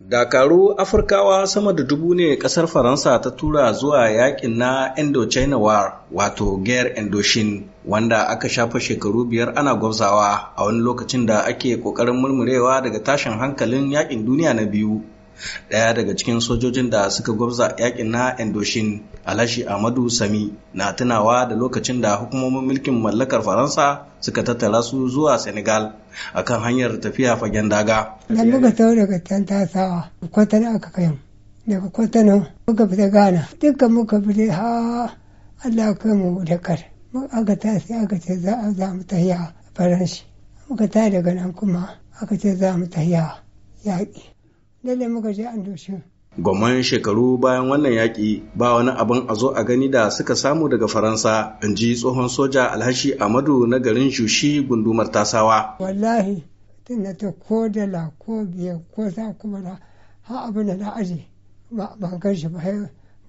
Dakaru Afirkawa sama da dubu ne kasar Faransa ta tura zuwa yakin na Indochina War wato Guerre Indochine wanda aka shafa shekaru biyar ana gwabzawa a wani lokacin da ake ƙoƙarin murmurewa daga tashin hankalin yakin duniya na biyu. Ɗaya daga cikin sojojin da suka gwabza yakin na Endoshin Alashi Amadu Sami na tunawa da lokacin da hukumomin mulkin mallakar Faransa suka tattara su zuwa Senegal akan hanyar tafiya fagen daga. Da muka tau daga can tasawa, kwatan aka kai daga kwatano muka fita gana duka muka fita ha Allah kai mu dakar. Aka tasi aka ce za a za mu tahiya faransa Muka ta daga nan kuma aka ce za mu tahiya yaƙi. lalle muka je an doshi. gwamman shekaru bayan wannan yaƙi ba wani abin a zo a gani da suka samu daga faransa in ji tsohon soja alhashi amadu na garin shushi gundumar tasawa wallahi tunda ta ko da la ko biya ko za kuma na ha abin da na aje ba gan shi ba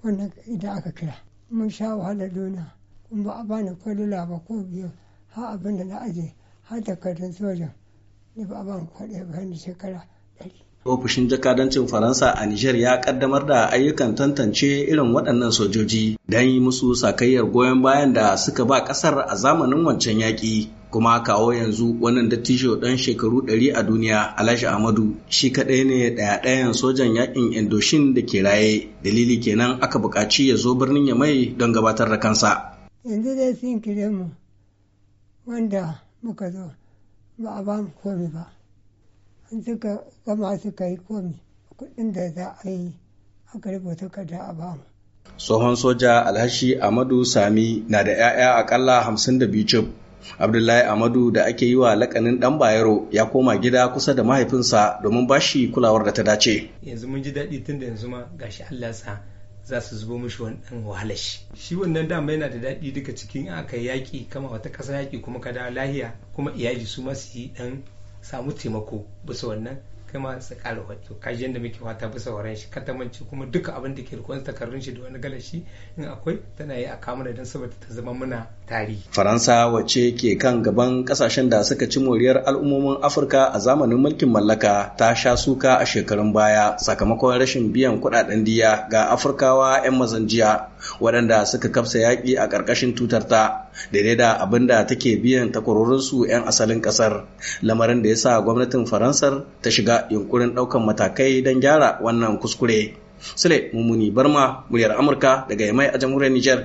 wannan idan aka kira mun sha wahala dona kuma ba a bani ko da ba ko biya ha abin da na aje har takardun sojan ni ba a bani ko ɗaya ba shekara ɗari Ofishin jakadancin Faransa a Nijar ya kaddamar da ayyukan tantance irin waɗannan sojoji don yi musu sakayyar goyon bayan da suka ba ƙasar a zamanin wancan yaƙi. Kuma kawo yanzu wannan dattijo ɗan shekaru ɗari a duniya Alhaji Ahmadu shi kaɗai ne ɗaya-ɗayan sojan yaƙin Indoshin da ke raye. Dalili kenan aka buƙaci ya zo birnin ya mai don gabatar da kansa. Yanzu dai sun kire mu wanda muka zo ba a ba mu komai ba. in gama suka yi komi kuɗin da za a yi aka rubuta a bamu tsohon soja alhashi amadu sami na da 'ya'ya akalla 52 cif abdullahi amadu da ake yi wa lakanin dan bayero ya koma gida kusa da mahaifinsa domin ba shi kulawar da ta dace yanzu mun ji daɗi tun da yanzu ma gashi allah sa za su zubo mishi wani wahalashi. shi wannan dama yana da daɗi duka cikin aka yaƙi kama wata ƙasa yaƙi kuma kada lahiya kuma iyali su masu yi ɗan. samu taimako bisa wannan kai ma su ƙara wato kaji yadda muke wata bisa sauran shi katamanci kuma duka abin da ke rikon takardun shi da wani galashi in akwai tana yi a kamuna don saboda ta zama muna tarihi. faransa wacce ke kan gaban kasashen da suka ci moriyar al'ummomin afirka a zamanin mulkin mallaka ta sha suka a shekarun baya sakamakon rashin biyan kudaden diya ga afirkawa 'yan mazanjiya waɗanda suka kafsa yaƙi a ƙarƙashin tutarta daidai da abin da take biyan takwarorinsu 'yan asalin ƙasar lamarin da ya sa gwamnatin faransar ta shiga yunkurin ɗaukan matakai don gyara wannan kuskure. Sule Mummuni Barma, muryar Amurka daga Yamai a jamhuriyar Nijar.